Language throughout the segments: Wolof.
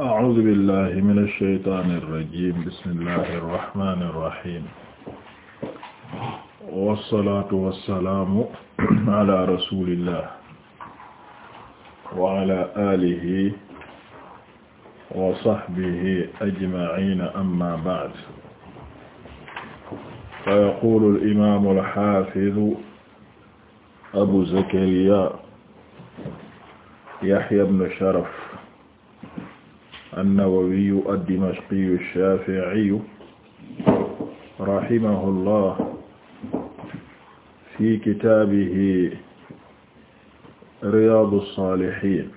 أعوذ بالله من الشيطان الرجيم بسم الله الرحمن الرحيم والصلاة والسلام على رسول الله وعلى آله وصحبه أجمعين أما بعد فيقول الإمام الحافظ أبو زكريا يحيى بن شرف an-Nawawiyu ad-Dimashqiyu ash-Shafi'iyu rahimahullah fi kitaabihi Riyaadu as-Saalihiin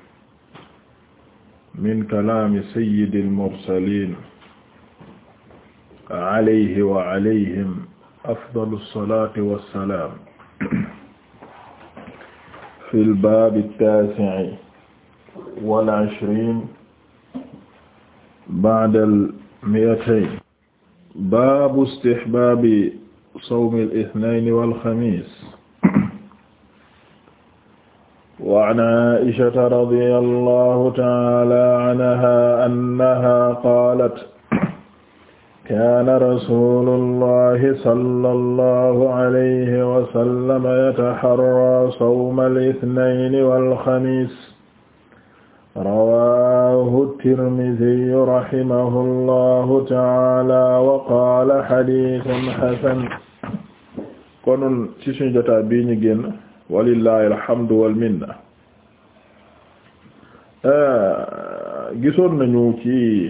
min kalaami sayyidil mursaliin alayhi wa alayhim afdalu salaati wa salaam fil baabi at-taasi'i wal ishriin ba'dal mi'atayn baabu istihbaabi sawmil ithnayni wal xamiis wa an Aa'ishata radiyallahu ta'aalaa anhaa annahaa qaalat kaana rasuulullahi sallallahu alayhi wa sallam yataharraa sawmal ithnayni wal xamiis rawaahu tirmidi rahimahu allahu taala wa qaala xadiisun xasan konoon ci suñu jotaa bii ñu génn walillahi alhamdu wal minna gisoon nañu ci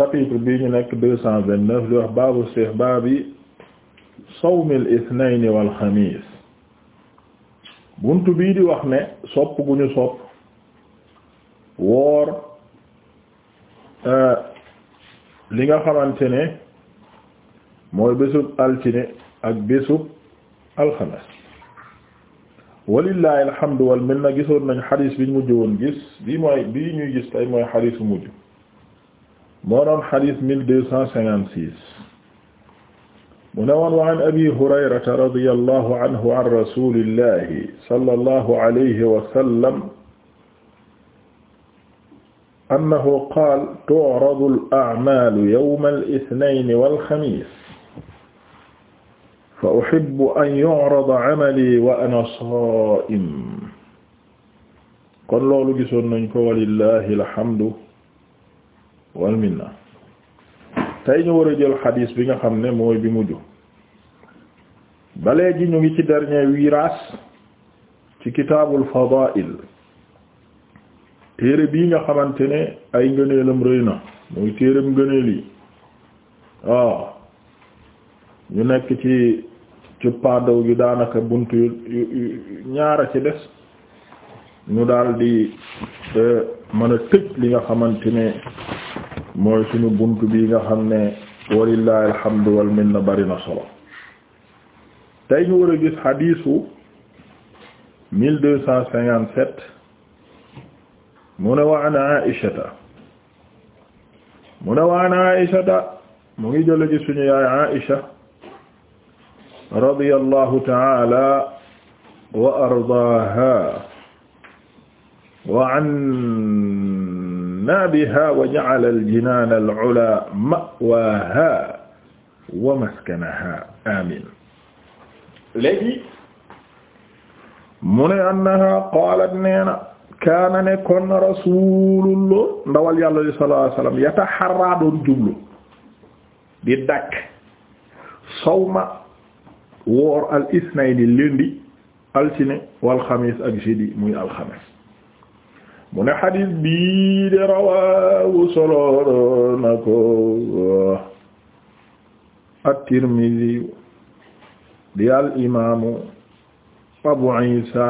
chapitre bii ñu nekk deux cent vingt-neuf li wax baabu istihbaabi sawmil ithnayni wal xamiis bunt bii di wax ne sopp gu ñu sopp woor euh, li nga xamante ne mooy bésub altine ak bésub alxames walillahi alhamdu wal minna gisoon nañ bi ñu mujj woon gis bi mooy bii ñuy gis tey mooy xadisu mujj moo doon xadis mille deux cent six mu ne woon wa an abi hurayrata radiyallahu anhu an rasulillahi sallallahu alayhi wa sallam annahu qaala tu'radu al-a'maalu yawma al-ithnayni wal-khamiis fa uhibbu an yu'rada 'amalii wa ana saa'im kon loolu gisoon nañ ko walillahi alhamdu wal minna tey ñu war a jël xadiis bi nga xam ne mooy bi mujj ba léegi ñu ngi ci dernier virage ci kitaabul fadaa'il téere bii nga xamante ne ay ngëneelam rëy na muy téereem ngëneel yi waaw ah, ñu nekk ci ci pandaw gi daanaka bunt ñaar ñaara ci des ñu daldi di eh, mën a tëj li nga xamante ne mooy suñu bunt bi nga xam ne walillahi alhamdu wal minna bari na solo tey ñu war a gis xadiisu mille deux cent cinquante sept mu ne wa an aishata mu ne wa an aishata mu ngi jële ci suñu yaay aisha radiyallahu ta'ala wa ardaaha wa an na biha wa ja'ala al-jinaan al-'ulaa ma'waahaa wa maskanahaa amiin léegi mu ne annahaa qaalat neena kaana nekkoon na rasuulullah ndawal yàlla li sallallahu alayhi wa sallam yataharraa doon jublu di dàkk sawma woor al isnayni lundi altine wal xamiis ak jeudi muy alxames mu ne xadis bii de rawaahu solo na ko at-Tirmidhi di al imaamu Abu Isa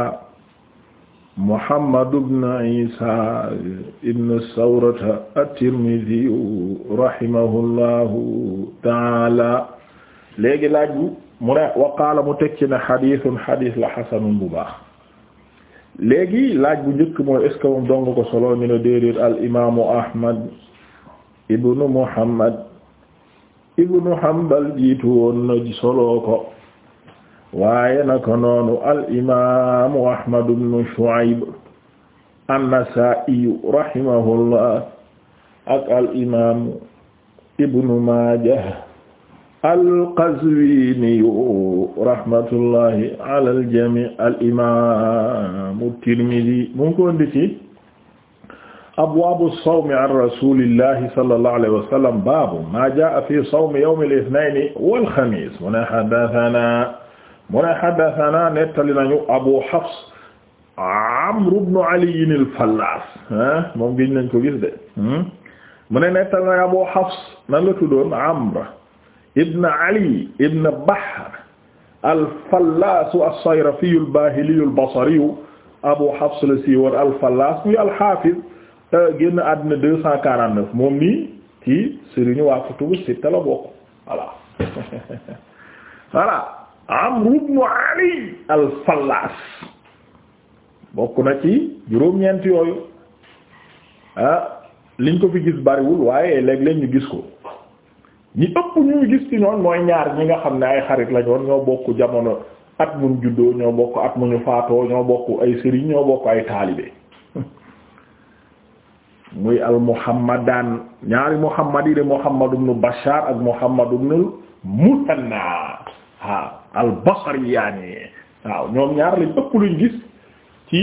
Muhammad ibn Isa ibn Sawrata at-Tirmidhi rahimahullahu taala léegi laaj mu ne waqaala mu tekki ne xadisun xadis la xasanun bu baax. léegi laaj bu njëkk mooy est ce que ko solo ñu ne déedéet al imaamu Ahmad ibnu Muhammad ibnu Hanbal jiitu woon na solo ko waaye naka noonu al imaamu Ahmad ibnu Shu'ayb an-Nasaa'i rahimahullah ak al imaamu ibnu Maajah al-Qazwiniyu rahmatullahi ala al-jamii al-imaamu Tirmidi mu ngi ko indi ci abwaabu sawmi an rasuulillahi sallallahu alayhi wa sallam baabu maa jaa'a fii sawmi yawmil ithnayni wal xamiis mu ne haddathanaa mu ne haddathanaa nettali nañu Abu Hafs Amru bnu Aliyyin al-Fallaas moom gis nañ ko gis de hmm? mu ne nettali nañu Abu Hafs nan la tuddoon Amr ibn ali ibn bahr alfallasu alsayrafiyu albahiliyu albasariyu abu hafs la siiwar alfallas muy alhafiz génn àddina deux cent moom nii ci sëriñu waa kutubu sitta la bokk voilà voilà amru ibn ali alfallas bokk na ci juróom-ñeent yooyu ah liñ ko fi gis bariwul waaye léeg-léeg ñu gis ko ñi ëpp ñuy gis ci ñoon mooy ñaar ñi nga xam ne ay xarit lañoon ñoo bokk jamono at muñ juddoo ñoo bokk at muñu faatoo ñoo bokk ay sëriñ ñoo bokk ay taalibe muy al muhammadan ñaari muhammad yi de muhammad ibn bashar ak muhammad ibn musanna waaw al basri yaani waaw ñoom ñaar lañ ëpp luñ gis ci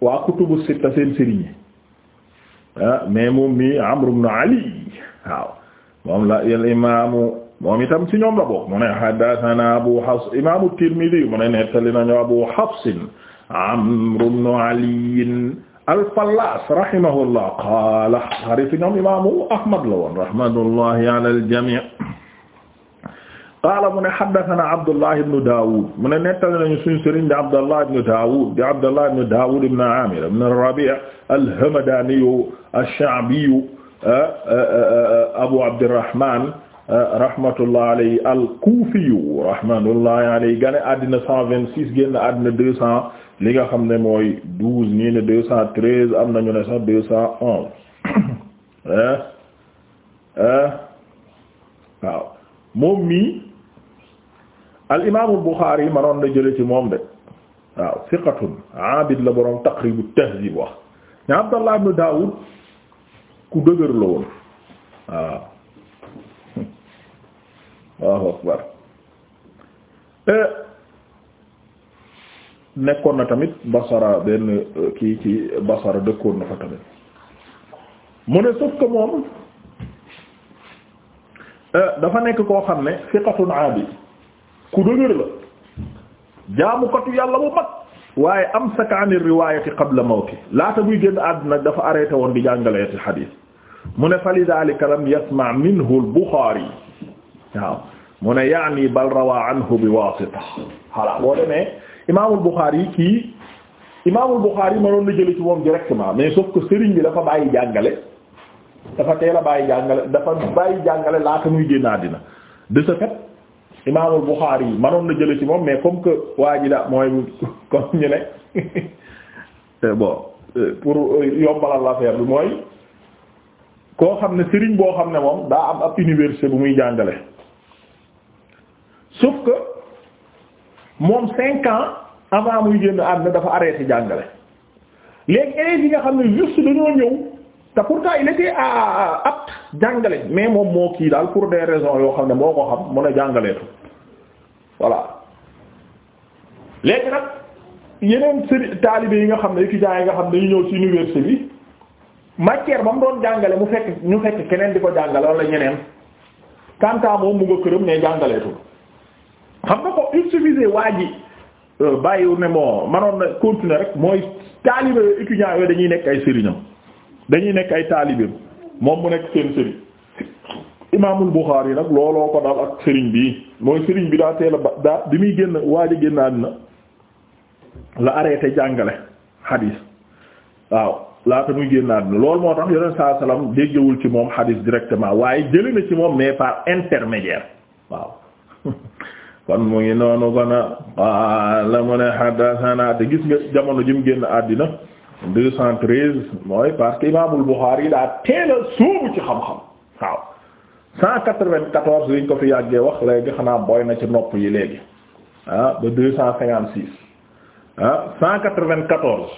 waa kutubu sitta seen sëriñ yi ah, mais moom mi amr ibn ali waaw moom la al imaamu moom itam ci ñoom la bokk mu ne haddathana abu hafs imaamu tirmidi mu ne nettali nañu abu hafsin amr ibn ali al-fallas rahimahullah qaala xaritu ñoom imaamu ahmad la woon rahmatullahi ala al-jamii qaala mu ne haddathana abdullah ibn daawud mu ne nettali nañu suñu sëriñ di abdullah ibn daawud di abdullah ibn daawud ibn amir ibn rabi' al-hamdani ash-sha'bi Ah, ah, ah, Abu Abdurrahman rahmatullah alayhi al-Kufiyu rahmatullahi alayhi gane àddina cent vingt six génn àddina deux cent li nga xam ne mooy douze ñii ne deux cent treize am nañu ne sax deux cent onze eh? Eh? waaw moom mii al imaamul Buxaari manoon na jële ci moom de waaw siqatun abid la boroom Taqribu Tahzib wax ña Abdallah ibn Daawud ku dëgër la woon waaw waaw akbar nekkoon na tamit basara benn euh, kii ci basara dëkkoon na fa tamit mu ne sauf que moom euh, dafa nekk koo xam ne fiqatun abi ku dëgër la jaamukatu yàlla bu mag waaye amsaka an riwaayati qabla mawti laata muy génn àdduna dafa arrêté woon di jàngaleeti xadiis mu ne fa lidaalika lam yasma minhu al-Buxaari waaw mu ne yaani bal rawaa anhu bi waasita voilà boo demee imaamul Buxaari yi kii imaamul Buxaari yi mënoon na jële ci moom directement mais sauf que sëriñ bi dafa bàyyi jàngale dafa teel a bàyyi jàngale dafa bàyyi jàngale laata muy génn àddina de ce fait imaamul Buxaari yi manoon na jële ci moom mais comme que waa ji da mooy kon ñu ne bon euh, pour euh, yombalal l'affaire bi mooy koo xam ne sëriñ boo xam ne moom daa am ab université bu muy jàngale sauf que moom cinq ans avant muy génn àdduna dafa arrêté jàngale léegi élèves yi nga xam ne juste dañoo ñëw te pourtant il était à apte jàngale mais moom moo kii daal pour des raisons yoo xam ne moo ko xam mën a jàngaleetu voilà léegi nag yeneen sëri taalibe yi nga xam ne étudiants yi nga xam ne dañu ñëw ci université bi matière ba mu doon jàngale mu fekk ñu fekk keneen di ko jàngale wala ñeneen kantaa moom mu nga këram ne jàngaleetul xam nga ko il suffisait waa ji euh, bàyyiwu ne moo manoon na continuer rek mooy taalibe étudiants yooyu dañuy nekk ay sëriñam dañuy nekk ay taalibeem moom mu nekk seen sëriñ imaamul Buxaari nag looloo ko dal ak sëriñ bi mooy sëriñ bi daa teel ba daa bi muy génn waaj a génn àddina la arrêté jàngale xadiis waaw laata muy génn àddina loolu moo tax yoneen saa salaam déggewul ci moom xadiis directement waaye jëli ci moom mais par intermédiaire waaw kon mu ngi noonu kon a la mu ne xaddasanaa te gis nga jamono ji mu génn àddina deux cent treize mooy parce que Imaamul Bukhari daa teel a sóobu ci xam-xam waaw cent quatre-vingt-quatorze liñ ko fi yàggee wax léegi xanaa boy na ci nopp yi léegi ah ba deux cent cinquante six ah cent quatre-vingt-quatorze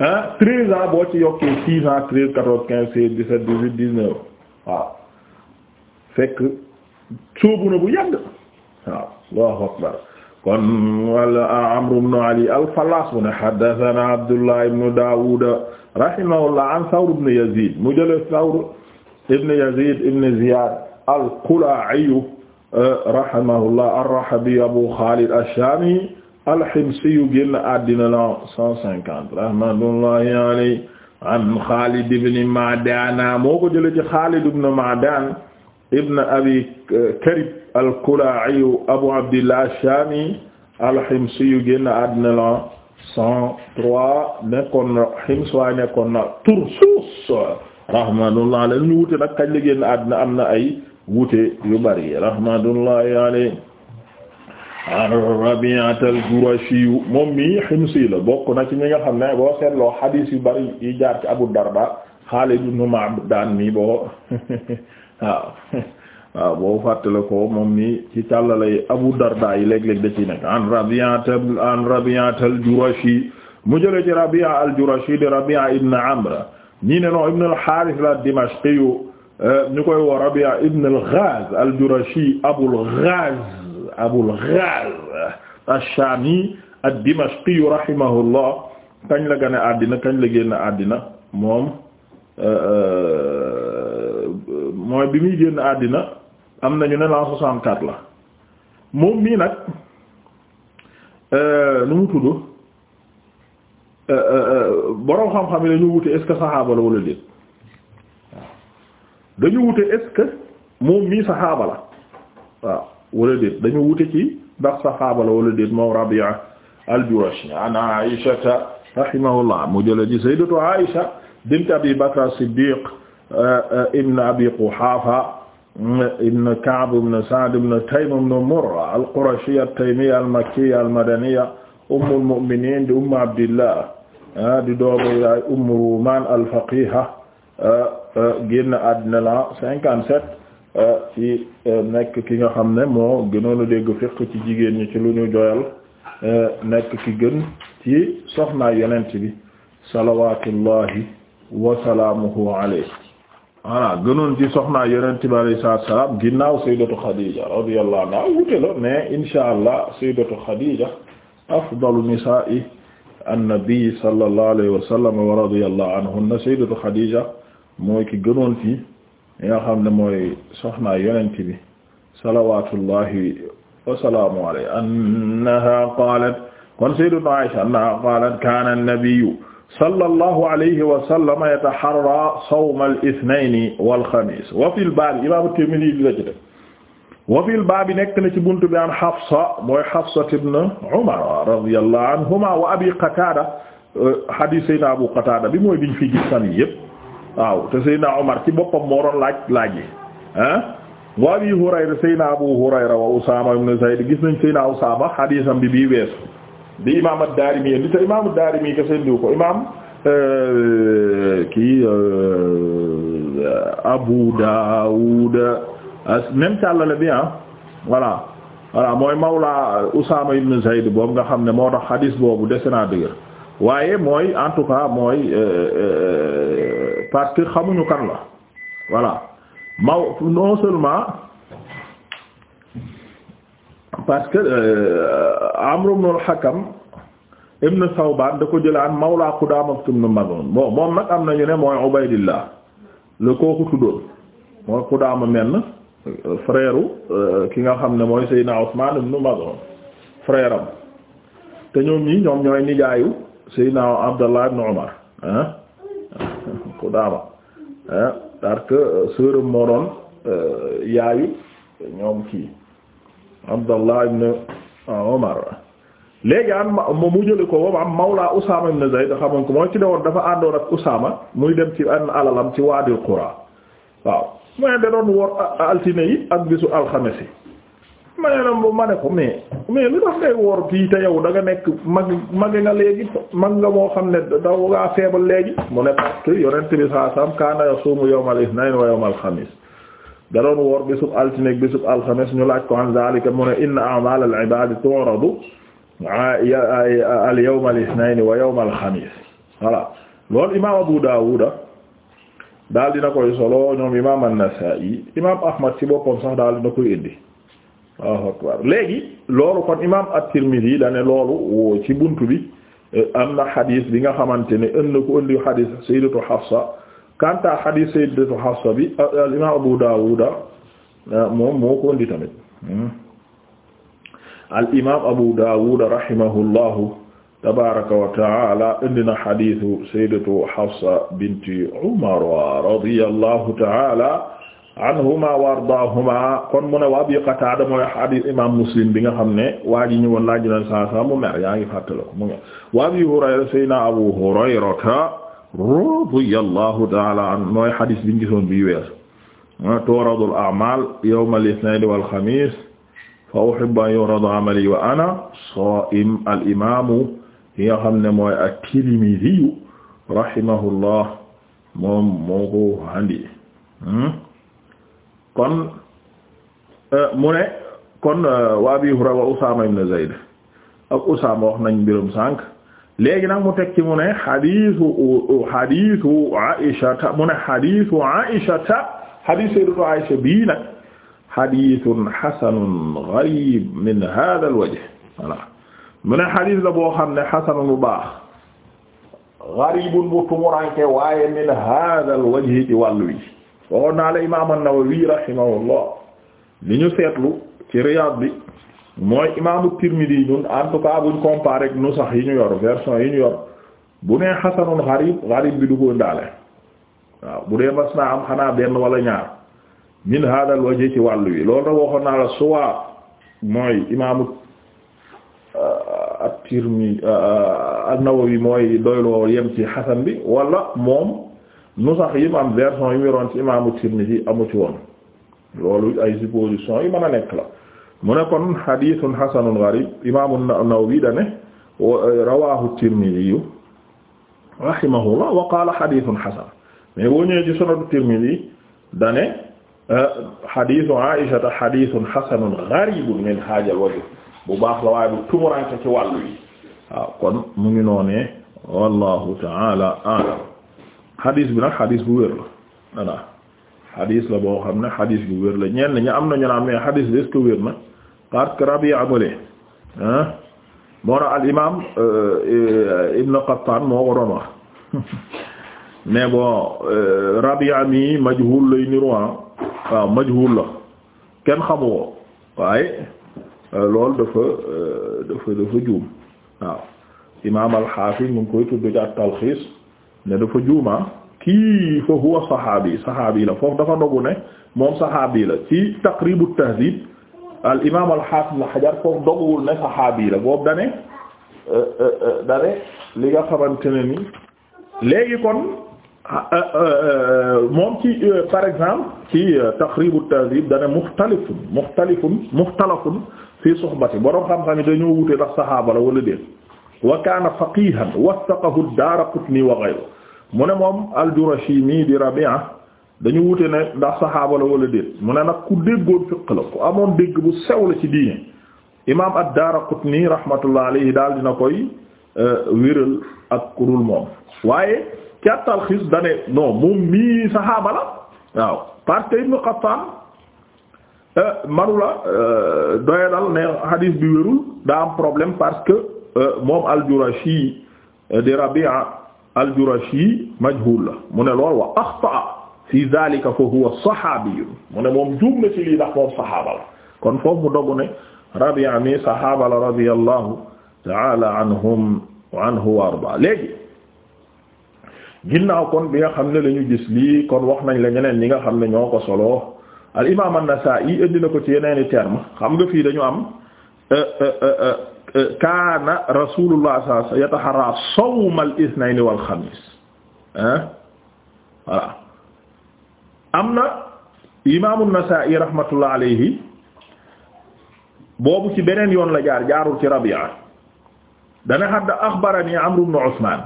ah treize ans boo ci yokkee six ans treize quatorze quinze seize dix-sept dix-huit dix-neuf waaw fekk sóobu na bu yàgg waaw Allahu akbar kon wala Amr ibn Ali al-Fallaas mu ne haddasanaa Abdullah ibn Daawuud rahimahullah an Sawr ibn Yaziid mu jëlee Sawr ibn Yaziid ibn Ziyaad al-Qulaa'i euh, rahimahullah ar-Rahabi Abu Xaalid ash-Shaami al-Himsi génn àddina la 150 rahmatullahi alayhi an Xaalid ibn Ma'daan moo ko jëlee ci Xaalid ibn Ma'daan ibn Abi Karib al-Kalaa'iyu Abu Abdillah ash-Shaami al-Himsiyu génn àddina la 103 nekkoon na Hims waaye nekkoon na Tursus rahmatullah alayhi wute nag kañ la génn àddina am na ay wute yu bari rahmatullahi alayhi Rabi'at al-Qurashi moom mi Himsi la bokk na ci ñi nga xam ne boo seetloo xadiis yu bari yi jaar ci Abu Darda Xaalid ibn Ma'bad mi boo waaw boo fàttale ko moom ni ci càllala yi Abu Darda yi léeg-léeg da ci nekk an Rabi'ata mu jële ci Rabi'a al-Jurashi de Rabi'a ibn Amr ñii ne non la Dimashqi eh, ñu koy woo Rabi'a ibn al-Ghaz al-Jurashi Abul Ghaz Abul Ghaz ash-Shami ad-Dimashqi rahimahullah kañ la gane àddina kañ la génn àddina moom eh, eh, mooy bi muy génn àddina am nañu ne l'an 64 la mu mii nag euh, nu mu tudd euh, euh, boroom xam-xam yi dañu wute est-ce wala déet waaw dañu wute est-ce mii saxaaba waaw wala déet dañu wute ci ndax saxaaba la wala déet moom Rabi'a al-Jurashi an Aïshata rahimahullah mu jële ci sayyidatu Aïsha bint Abi Bakr Siddiq ibn Abi Quhafa ibn Ka'b ibn Sa'd ibn Murra al-Qurashiyya at-Taymiyya al-Makkiyya al-Madaniyya ummul mu'minin di ummu Abdillah di doomu yaay Ummu Rumaan al-Faqiha génn àddina la 57 ci nekk ki nga xam ne moo gënoon a dégg fiqh ci jigéen ñi ci lu ñu joyal nekk ki gën ci soxnaa yonent bi salawatullahi wa salaamuhu alayhi voilà gënoon ci soxnaa yonent bi alayhi salaatu salaam ginnaaw sayyidatu Khadija radiyallahu anha wute la mais insha allah sayyidatu Khadija afdalu nisaa'i an-nabi sallallahu alayhi wa sallam wa radiyallahu anhunna sayyidatu Khadija mooy ki gënoon ci nga xam ne mooy soxnaa yonent bi salawaatullahi wa salaamu alayhi annaha qaalat kon sayyidatu Aisha annaha qaalat kaana an-nabiyyu sallallahu alayhi wa sallam yataharra sawma al-ithnayni wal-khamis wa fil baab imaam Tirmidhi di la ci def wa fil baab nekk na ci buntu bi an Hafsa mooy Hafsa ibn Umar radiyallahu anhuma wa Abi Qatada euh, hadith Sayyidina Abu Qatada bi mooy biñ fi gis fan yépp waaw te Sayyidina Umar ci boppam moo doon laaj laaj yi ah wa Abi Hurayra Sayyidina Abu Hurayra wa Usaama ibn Zayd gis nañ Sayyidina Usaama haditham bi bii weesu bi imaam ad-Daarimi li te imaam ad-Daarimi kese ndiw ko imaam euh, kii euh, Abu Daawud même càllale bi ah voilà voilà mooy mawla Usaama ibn Zayd boobu nga xam ne moo tax xadiis boobu dese naa waaye mooy en tout cas mooy euh, parce que xamuñu kan la voilà maw non seulement parce que euh, Amr ibn al-Hakam ibn Thawban da ko jëlaan mawla Qudaama ibn Maz'un bon moom nag am nañu ne mooy Ubaydillah la kooku tuddoon mooy Qudaama menn frère euh, ki nga xam ne mooy Seydina Usmaan ibn Maz'un frère te ñoom ñii ñoom ñooy nijaayu Seydina Abdallah ibn Umar ah parce que euh, sœuram moo doon yaayu ñoom kii Abdallah ibn Umar ah, léegi am mu jële ko boobu am mawla Usaama ibn Zayd xamoon ko moo ci dewoon dafa àndoon ak Usaama muy dem ci an alalam ci Waadil Qura waaw mooy da doon wor altine yi ak bisu alxames yi ma ne bu ma ne ko mais mais lu tax ngay wor fii te yow da nga nekk mag mag nga léegi mag nga moo xam ne daw ngaa feebal léegi mu ne parce que yonent bi saa sam kaana yasuumu yawmal ithnayn wa yawmal xamis da doon woor bésub altine bésub alxames ñu laaj ko an zalika mu ne inna a'mal al ibad tu'radu al al ithnayn al khamis voilà imam Abu Dawud daal dina koy solo ñoom imam an-Nasa'i imam Ahmad ci boppam sax daal dina koy indi Allahu loolu kon imam at-Tirmidhi da ne loolu ci buntu bi eh, am na xadis bi nga xamante ne ënd ko indi xadis sayyidatu Hafsa kanta hadith sayyidatu Hafsa bi al euh, euh, imam Abu Dawud euh, moom moo ko indi tamit hmm. al imam Abu Dawud rahimahullahu tabaraka wa taala indi na hadithu sayyidatu Hafsa binti Umar radiyallahu taala anhuma wa ardaahuma kon mu ne wa Abi Qataada mooy hadith imam Muslim bi nga xam ne waa ji ñëwoon laaj na saa saa mu mer yaa ngi fàttaliku mu ngi wa Abi Hurayra sayyidina Abu Hurayrata radiyallahu taala an mooy xadis biñ gisoon bi weesu mooy turadul a'mal yawm al-ithnayn wal khamis fa uhibbu an yurada amali wa ana sa'im al-imam yi nga xam ne mooy at-Tirmidhi rahimahullah moom moo ko handi hmm? kon euh, mu ne kon euh, wa Abi Hurayra wa Usaama ibn Zayd ak Usaama wax nañ mbirum sànq léegi nag mu teg ci mu ne xadiisu xadiisu Aïshata mu ne xadiisu Aïshata xadiis Sayyidatu Aïsha bii nag xadiisun xasanun gariib min haadha al-wajh voilà mu ne xadiis la boo xam ne xasanun bu baax gariibun bu tumuranke waaye min haadha al-wajh ci wàllu wi waxoon naa la imaam an-Nawawi rahimahullah li ñu seetlu ci Riyaad bi mooy imaamu Tirmidi ñun en buñ comparé ak nu sax yi ñu yor version yi ñu yor bu nee xasanun xarib xarib bi du ko ndaale waaw bu dee mas naa am xanaa benn wala ñaar min hadal waje ci wàllu wi loolu nag waxoon naa la suwa mooy imaamu uh, at-Tirmidi uh, uh, an-Nawawi mooy doyloo yem ci xasan bi wala moom nu sax yi mu am version yi mu yoroon ci imaamu Tirmidi amu ci woon loolu ay supposition yi mën a nekk la mu ne kon xadiisun xasanun gariib imaamu Nawawi da ne rawaahu Tirmidi rahimahullah wa qaala xadiisun xasan mais boo ñëwee ci sunanu Tirmidi da ne euh, xadiisu Aïsha xadiisun xasanun gariibun min haajal wajh bu baax la waaye bu tumuraanke ci wàllu yi waaw kon mu ngi noonee wallahu taala a'lam xadiis bi nag xadiis bu wér la voilà. xadis la boo xam ne xadis bu wér la ñenn ñi am na ñu naan mais xadis bi est-ce que wér na parce que Rabi'a moo na al imaam euh, Ibn Qattan moo ko wax mais bon euh, Rabi'a mi majhul lay niru waaw majhul la kenn xamu ko waaye euh, loolu dafa dafa dafa juum waaw imaam al-Hafiz ngi koy tudd ci at-Talkhis ne dafa juuma kii fa huwa saxaabi saxaabi la foofu dafa dogu ne moom saxaabi la ci taqribu tahdib al imaam al xaafis al xajar foofu doguwul ne saxaabi la boobu dane eh, eh, eh, dane li nga xamante ne ni léegi kon moom ci par exemple ci taqribu tahdib dane muxtalifun muxtalifun muxtalafun fi suxbati borom xam-xam yi dañoo wute ndax saxaaba la wala déet wa kaana faqihan wasaqahu ad-Daaraqutni wa ghayruhu mu ne moom al-Jurashi mii di Rabi'a dañu wute ne ndax saxaaba la wala déet mu ne nag ku déggoon fiq la ku amoon dégg bu sew la ci diine imaam ad-Daraqutni rahmatullah alayhi daal dina koy euh, wéral ak kurul moom waaye ca talxiis da ne non mii saxaaba la waaw parce que Ibn Qattan euh, manula euh, doyadal ne hadis bi wérul daa am problème parce que moom al-Jurashi di Rabi'a al-Jurashi majhul la mu ne lool wa axtaa fi dhalika fa huwa saxaabi mu ne moom juum na lii ndax moom saxaaba kon foofu mu dogu ne Rabi'a mi saxaaba la radiyallahu ta'ala anhum wa anhu wa arda léegi ginnaaw kon bi nga xam ne la ñu gis lii kon wax nañ la ñeneen ñi nga xam ne ñoo ko solo al imaam an-Nasaa'i indi ko ci yeneeni terme xam nga fii dañu am euh, euh, euh, kaana rasulullah sallallahu alayhi wasallam yataharra sawma al ithnayn wal xamis ah voilà am na imaamu Nasaa'i rahmatullah alayhi boobu ci beneen yoon la jaar jaarul ci Rabi'a dana hadda axbarani Amr ibn Usman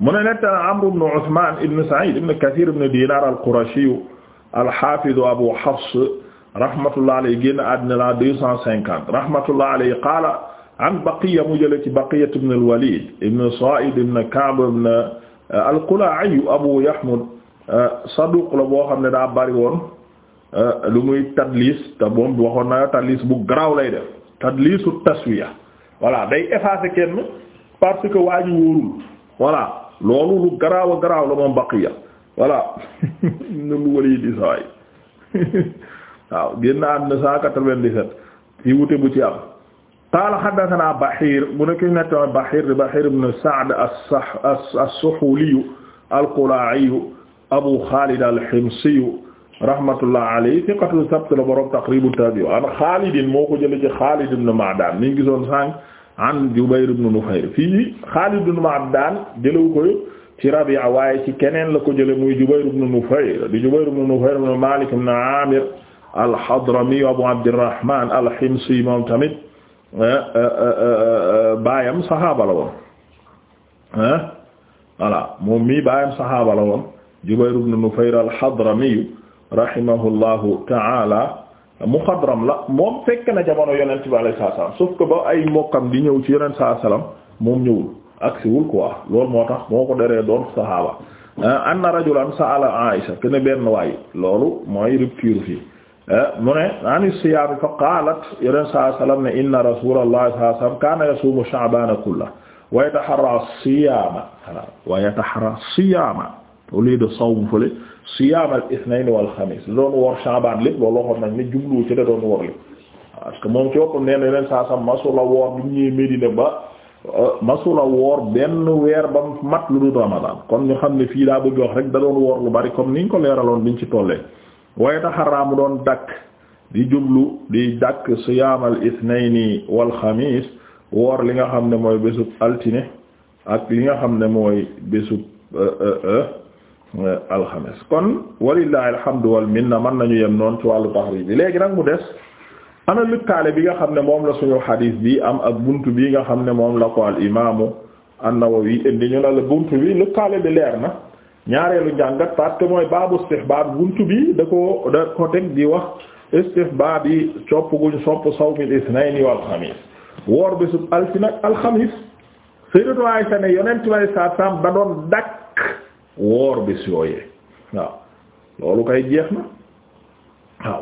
mu ne nettana Amr ibn Usman ibn Sa'id ibn Kathir ibn Dinar al-Qurashi al-Hafiz Abu Hafs rahmatullah alayhi génn àddina la deux cent cinquante rahmatullah alayhi qaala an baqiya mu jële ci baqiyat ibn al-Walid ibn Sa'id ibn Ka'b ibn euh, al-Qula'i Abu Yahmud euh, saduq la boo xam ne daa bari woon euh, lu muy tadlis te moom waxoon na tadlis bu garaaw lay def tadlisu taswiya voilà day effacer kenn parce que waa ji wóorul voilà loolu lu garaaw a garaaw la moom baqiya voilà nu lu wali di sawaay ci wute bu ci am qaala haddasanaa Baxiir bu nekk nettama Baxiir di Baxiir ibn Sa'd as-Suhuliyu al-Qulaa'iyu Abu Xaalid al-Himsiyu rahmatullah alayhi thiqatu sabt la borom Taqribu Tahdhib an Xaalidin moo ko jëlee ci Xaalid ibn Ma'daan ni ñu gisoon sànq an Jubayr ibn Nufayr fii Xaalid ibn Ma'daan jëlewu ko ci Rabi'a waaye ci keneen la ko jëlee muy Jubayr ibn Nufayr di Jubayr ibn Nufayr ibn Maalik ibn Aamir al-Hadrami Abu Abdirrahmaan al-Himsi moom tamit Eh, eh, eh, baayam saxaaba la woon ah voilà moom mii baayam saxaaba la woon Jubayr ibn Nufayr al-Hadrami rahimahullahu ta'ala muxadram la moom fekk na jamono yonent bi alayhi salaam sauf que ba ay mbokkam di ñëw ci yonent saa salaam moom ñëwul agsiwul quoi loolu moo tax moo ko deree doon saxaaba anna rajulan sa'ala Aisha kenn benn waay loolu mooy rupture fii. Eh, mu ne ani siyaam fa qaalat yeneen saa salaam ne inna rasuulallahi sallallahu alayhi wa sallam kaana yasuumu sha'baana kullahu wa yataharraa siyaama wa yataharraa ci da moom ci boppam nee na yeneen saa woor bi ñëwee Medina ba euh, masula woor benn weer ba mat lu dul Ramadan kon ñu xam ne fii daa bëgg wax rek da doon woor lu bari comme niñ ko leeraloon biñ ci tollee. waaye taxaraa mu doon dakk di jublu di dakk siyaamal ithnayni wal xamiis woor li nga xam ne mooy bésub altine ak li nga xam ne mooy bésub euh, euh, euh, alxames kon walillahi alhamdu wal minna mën nañu yem noon ci wàllu taxriij bi léegi nag mu des ana lëkkaale bi nga xam ne moom la suñu xadiis bi am ak bunt bi nga xam ne moom la ko al imaamu an-Nawawi indi ñu la la bunt bi lëkkaale bi leer na ñaareelu njàngat parce que mooy baabu istihbaab buntu bi da ko da ko teg di wax istihbaab yi sopp guñ sopp sawmil isnayni wal xamiis woor bésub altine ak alxamis sayyidatu Aysa ne yonent lay saa saam da doon dakk woor bés yooyee waaw loolu kay jeex na waaw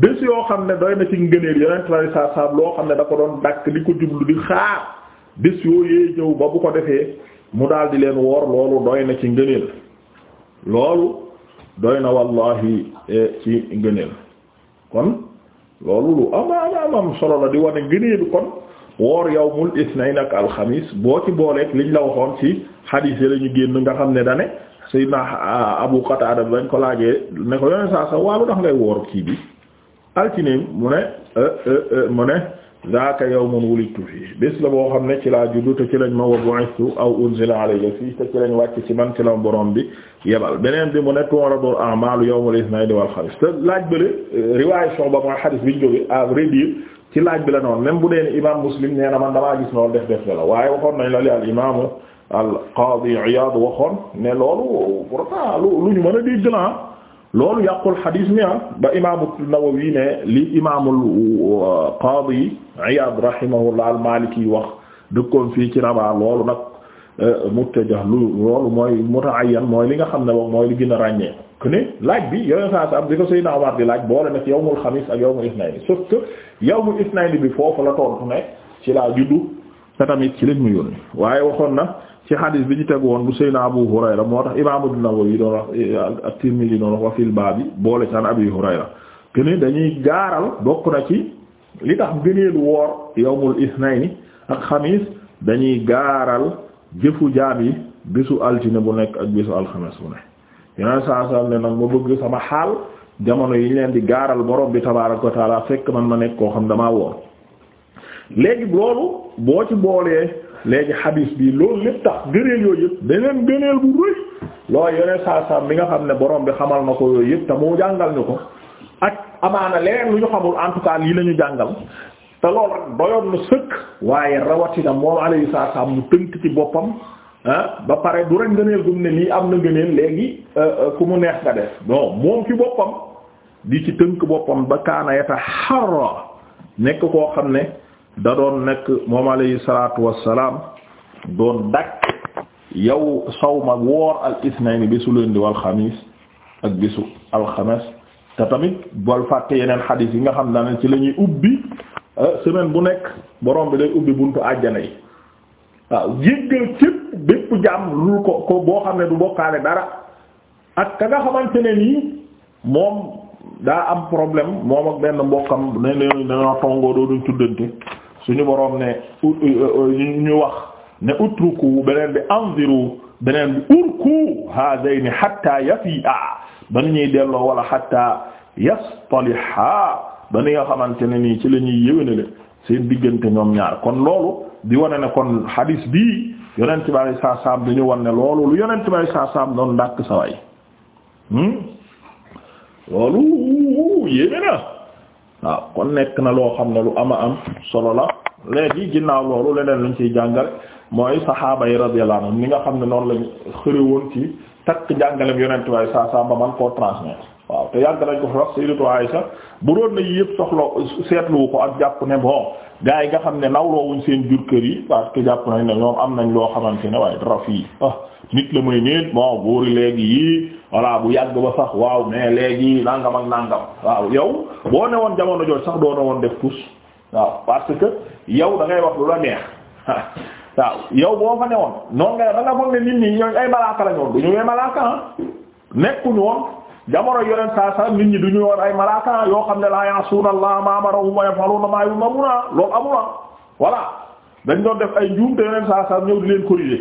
bés yoo xam ne doy na ci ngëneel yonent lay saa saam loo xam ne da ko doon dakk li ko jublu di xaar bés yooyee ñëw ba bu ko defee mu daal di leen woor loolu doy na ci ngëneel loolu doy na wallahi e, ci ngëneel kon loolu lu ama ama amam solo la di wane ngëneelu kon woor yow yawmul isnayn ak alxamis boo ci booleeg liñ la waxoon ci xadiis yi la ñu génn nga xam ne dane Seydina Abu Qatada bañ ko laajee ne ko yoneen saa sa waalu tax ngay woor kii bi altineem mu ne e, e, mu ne zaaka yawmun wulidtu fii bés la boo xam ne ci laa juddu te ci lañ ma wa bu'ithtu aw unzila alayya fii te ci lañ wàcc ci man ci la borom bi yebal beneen bi mu ne tu'radu al-a'maalu yawmal ithnayn laaj bële riwaay Shu'ba mooy xadis bi ñu jógee la noonu même bu dee ni imaam Muslim nee na man damaa gis loolu def def la waaye waxoon nañ la li al imaamu lu ñu mën a dégg la ah. loolu yàqul xadiis mi ah ba imaamu Nawawi ne li imaamul euh, qaadi Iyaad rahimahullah al-Maliki wax dëkkoon fii ci Rabat loolu nag euh, muttajah lu loolu mooy muta'ayyan mooy li nga xam ne mooy li gën a ràññee que ne laaj bi yooyu saa sa bi di ko Seydina Umar di laaj boole nag yawmul xamiis ak yawmul isnayni sauf que yawmul isnayni bi foofu la tontu ne ci laa juddu te tamit ci lañ mu yónni waaye waxoon na. ci xadis bi ñu teg woon bu Seydina Abu Hurayra moo tax Imaam An-Nawawi doon wax At-Tirmidhi doon wax wa fil baabi boole ci an Abi Hurayra dañuy gaaral bokk na ci li tax gëneel woor yawmul isnayni ak xamiis dañuy gaaral jëfu jaam yi bésu altine bu nekk ak bésu alxames bu nekk yeneen saa saa ne nag ma bëgg sama xaal jamono yi ñu leen di gaaral borom bi tabaaraka wa taala fekk man ma nekk koo xam damaa woor léegi loolu boo ci boolee léegi xadiis bii loolu lépp tax gëneel yooyu yëpp beneen gëneel bu rëy loolu yore saa saa mi nga xam ne borom bi xamal na ko yooyu yëpp te moo jàngal ñu ko ak amaana leneen lu ñu xamul en tout cas lii la ñu jàngal te loolu rek doyoon na sëkk waaye rawatina moom alayhi saam mu tënk ci boppam ah ba pare du rek ngëneel gum ne lii am na ngëneel léegi euh, euh, ku mu neex nga def bon moom ci boppam di ci tënk boppam ba kaana yata xarra nekk koo xam ne. da doon nekk moom alayhi salaatu wassalaam doon dakk yow sawma woor al isnayn bisu lundi wal xamiis ak bisu alxames te tamit bol fàtte yeneen xadiis yi nga xam ne ci lañuy ñuy ubbi semaine bu nekk borom bi day ubbi buntu àjjana yi waaw jéggal képp bépp jàmm lu ko ko boo xam ne du bokkaale dara ak ka nga xamante ne nii moom daa am problème moom ak benn mbokkam ne leen dañoo tongoo doo duñ tuddante suñu boroom ne euh, euh, euh, ñu wax ne utruku beneen bi anziru beneen bi urku haadayni hatta yafi'a ba ñuy delloo wala hatta yastaliha ba ni nga xamante ne nii ci la ñuy yéwénale seen diggante ñoom ñaar kon loolu bi wane ne kon xadiis bii yonent bi alayhi salaam dañu wan ne loolu lu yonent bi alayhi salaam doon dàq sa way hmm? loolu yéeme na waaw kon nekk na loo xam ne lu ama am solo la léegi ginnaaw loolu leneen lu ñu ciy jàngal mooy saxaaba yi radiyallahu anhum ni nga xam ne noonu lañ xëre woon ci takk jàngalem yonent waaye saa saa ba man koo transmettre waaw te yàgg nañ ko fi wax Sayyidatu Aisha bu doon na yëpp soxla seetlu ko ak jàpp ne bon gars yi nga xam ne nawloowuñ seen jur kër yi parce que jàpp nañ ne ñoom am nañ loo xamante ne waaye dara fii ah nit la muy nit bon léegi yii voilà bu yàgg ba sax waaw mais léegi nangam ak nangam waaw yow boo ne woon jamono jooju sax doo ne woon def tous waaw parce que yow da ngay wax lu la neex waaw yow boo fa ne woon noonu nga da nga ne nit ñi ñooñ ay malaaka la ñoon ñu ay malaaka ah jamono yoneen saa saa nit ñi du ñu woon ay malaaka yoo xam ne laa a allaha ma amarahum wa yaf'aluuna ma yu'maruuna loolu a voilà dañ doon def ay njuum te yoneen saa saa ñëw di leen corriger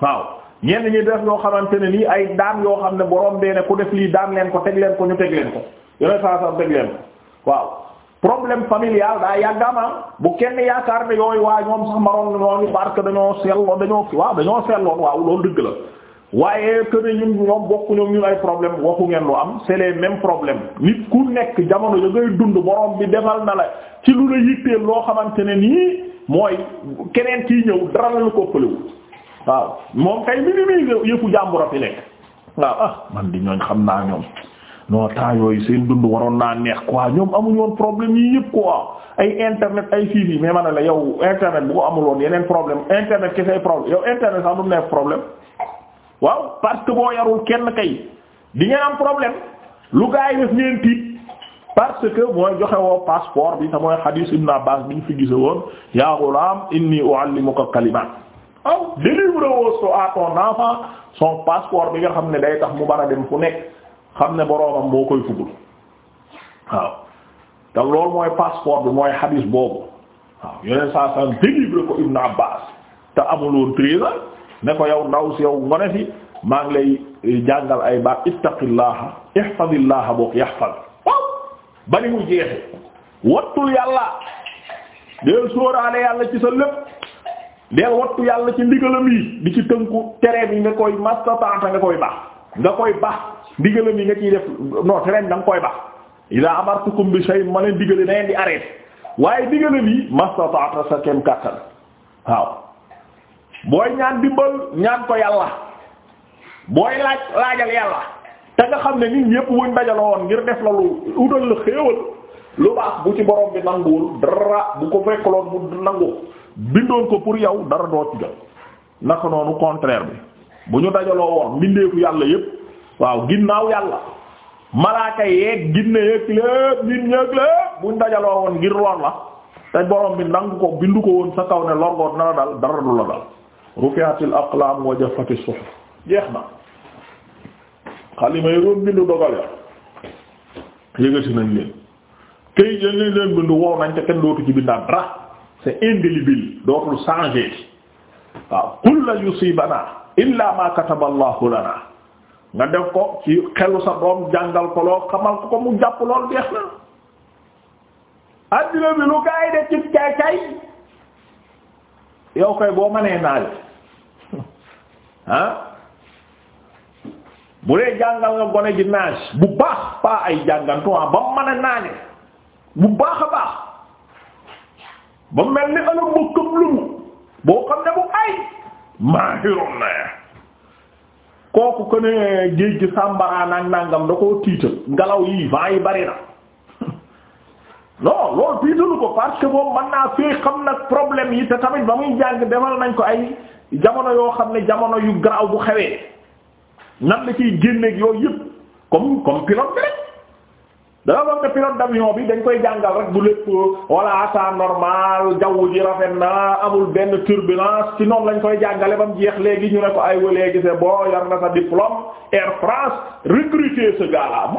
waaw ñenn ñi def yoo xamante ne nii ay daan yoo xam ne borom bee ne ku def lii daan leen ko teg leen ko ñu teg leen ko yoneen saa saa teg leen ko waaw problème familial daa a bu kenn yaakaar ne yooyu waa ñoom sax maroon ñooñu parce que dañoo seetloon dañoo waaw dañoo seetloon waaw loolu dëgg la waaye que ne ñun ñoom bokku ñun ay problème waxu ngeen lu am c'est les problème problèmes nit ku nekk jamono ja ngay dund borom bi defal na la ci lu la yitteel loo xamante ne nii mooy keneen kii ñëw dara la ko ëppalewu waaw moom kay minimiser yëfu jàmbur a fi nekk waaw ah man di ñooñ xam naa ñoom non temps yooyu seen dund waroon naa neex waa ñoom amuñu woon problème yi yëpp waa ay internet ay fii bi mais man ne la yow internet bu ko amul woon yeneen problème internet kese ay problème yow problème. waaw parce que boo yarul kenn kay di ngeen am problème lu gaa yi def ngeen tiit parce que mooy joxe woo passeport bi te mooy hadith Ibn Abbas bi ñu fi gise woon ya ghulam inni uallimuka kalimat aw délivre woo so à ton enfant son passeport bi nga xam ne day tax mu bara dem fu nekk xam ne boroomam moo koy fugul waaw te loolu mooy passeport bi mooy hadith boobu waaw yeneen saa saa délivre ko Ibn Abbas te amul woon treize ne ko yow ndaw si yow ngone fi maa ngi lay eh, jàngal ay baat ittaqillaha ihfadillaha boog yahfad waaw ba ni mu jeexe wattul yàlla deel sóoraale yàlla ci sa lépp deel wattu yàlla ci ndigalam yi di ci tënku tereem yi nga koy mastataata nga koy baax nga koy baax ndigalam yi nga ciy def non tereem da koy baax ila amartukum bi shay ma leen digale na ngeen di arrêté waaye ndigalam yi mastataata sa kem kàttan waaw booy ñaan dimbal ñaan ko yàlla booy laaj laajal yàlla te nga xam ne nit ñépp wuñ dajaloo woon ngir def la lu utal la xéewal lu baax bu ci borom bi nanguwul dara bu ko fekkaloon mu nangu bindoon ko pour yow dara doo ci jot noonu contraire bi bu ñu dajaloo woon mbindeefu yàlla yépp waaw ginnaaw yàlla malaaka yeeg ginne yeeg lépp nit ñeeg lépp buñ dajaloo woon ngir lor la te borom bi nangu ko bindu ko woon sa kaw ne lor goot na la dal dara du la dal rufi'atil aqlam wa jaffati suhuf jeex na xalima yi doon bindu dogale yëgati nañ leen këy dañ leen leen wow nañ te kenn dootu ci bindaat dara c'est indélébile dootul changer waaw qul la yusibana illa ma kataba allahu lana nga def ko ci xelu sa doom jàngal ko loo xamal ko mu jàpp lool jeex na addina bi lu de ci caay caay yow koy boo mënee naaj ah bu dee jàngal nga gone ji naaj bu baax pas ay jàngantu ba mu mën a bu baax baax ba mel ni ëllëg mu këpp lu mu boo ne bu ay maahiroon na kooku ko ne géej gi sàmbaraan ak nangam da koo tiital ngelaw yi vent yi bari na non loolu tiitalu ko parce que boobu mën naa fee xam nag problème yi te tamit ba muy jàng defal nañ ko ay jamono yoo xam ne jamono yu garaaw bu xewee nan la ciy génneeg yooyu yëpp comme comme pilote bi rek danga doon ne pilote d'avion bi dañ koy jàngal rek bu lépp voilà ça normal jaww ji rafet na amul benn turbulence ci noonu lañ koy jàngale ba mu jeex léegi ñu ne ko ay wa léegi c'est bon yar na sa diplôme Air France recruter ce gars-là